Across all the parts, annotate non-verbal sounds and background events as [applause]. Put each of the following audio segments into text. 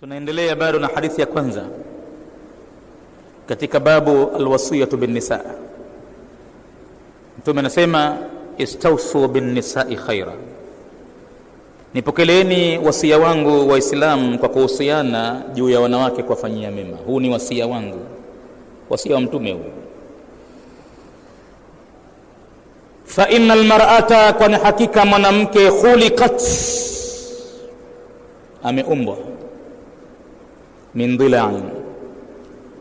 Tunaendelea bado na hadithi ya kwanza katika babu alwasiyatu binisa Mtume anasema istawsu binisai khaira, nipokeleeni wasia wangu Waislamu kwa kuhusiana juu ya wanawake kuwafanyia mema. Huu ni wasia wangu, wasia wa mtume huu. Fa lmarata almar'ata, kwani hakika mwanamke, khuliqat, ameumbwa min dhilain,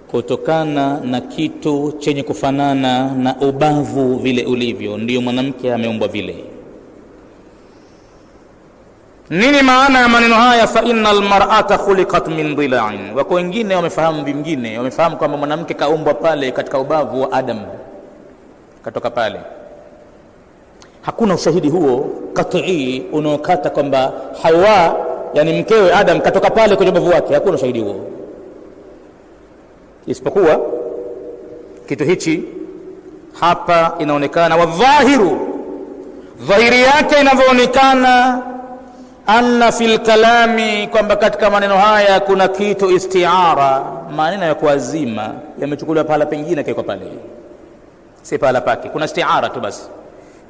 kutokana na kitu chenye kufanana na ubavu vile ulivyo, ndiyo mwanamke ameumbwa vile. Nini maana ya maneno haya? fa inna almar'ata khuliqat min dhilain. Wako wengine wamefahamu vingine, wamefahamu kwamba mwanamke kaumbwa pale katika ubavu wa Adam, katoka pale. Hakuna ushahidi huo katii unaokata kwamba Hawa yani mkewe Adam katoka pale kwenye ubavu wake, hakuna ushahidi huo, isipokuwa kitu hichi hapa inaonekana. Wadhahiru, dhahiri yake inavyoonekana, anna fil kalami, kwamba katika maneno haya kuna kitu istiara, maneno ya kuazima yamechukuliwa pahala pengine, akaekwa pale, si pahala pake. Kuna istiara tu basi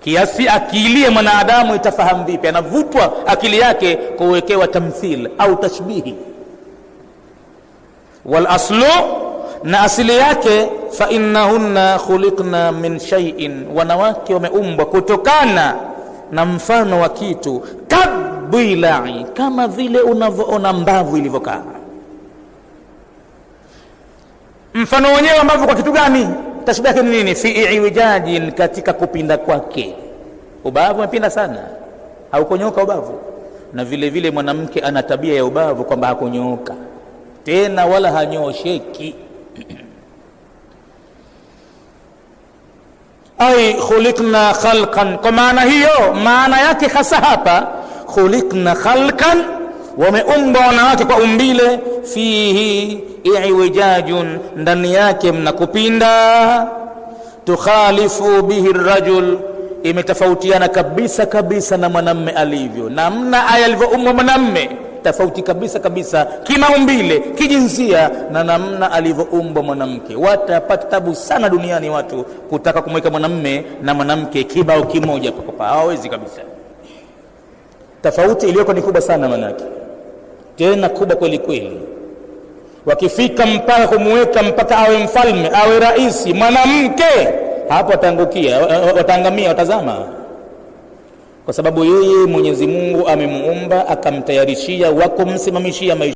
kiasi akili ya mwanadamu itafahamu vipi? Anavutwa akili yake kuwekewa tamthil au tashbihi. Wal aslu, na asili yake fa innahunna khuliqna min shay'in, wanawake wameumbwa kutokana na mfano wa kitu. kabilai kama vile unavyoona mbavu ilivyokaa. Mfano wenyewe mbavu kwa kitu gani? tashbihi yake ni nini? fi iwijajin, katika kupinda kwake. Ubavu umepinda sana, haukonyoka ubavu. Na vile vile mwanamke ana tabia ya ubavu kwamba hakunyoka tena wala hanyosheki [clears throat] ai khuliqna khalqan, kwa maana hiyo, maana yake hasa hapa khuliqna khalqan Wameumbwa wanawake kwa umbile, fihi iwijajun, ndani yake mna kupinda. Tukhalifu bihi rajul, imetofautiana kabisa kabisa na mwanamme alivyo, namna aya alivyoumbwa mwanamme tofauti kabisa kabisa kimaumbile, kijinsia na namna alivyoumbwa mwanamke. Watapata tabu sana duniani watu kutaka kumweka mwanamme na mwanamke kibao kimoja, hawawezi kabisa. Tofauti iliyoko ni kubwa sana manake tena kubwa kweli kweli. Wakifika mpaka kumuweka mpaka awe mfalme awe raisi mwanamke, hapo wataangukia, wataangamia, watazama, kwa sababu yeye Mwenyezi Mungu amemuumba akamtayarishia wakumsimamishia kumsimamishia maisha.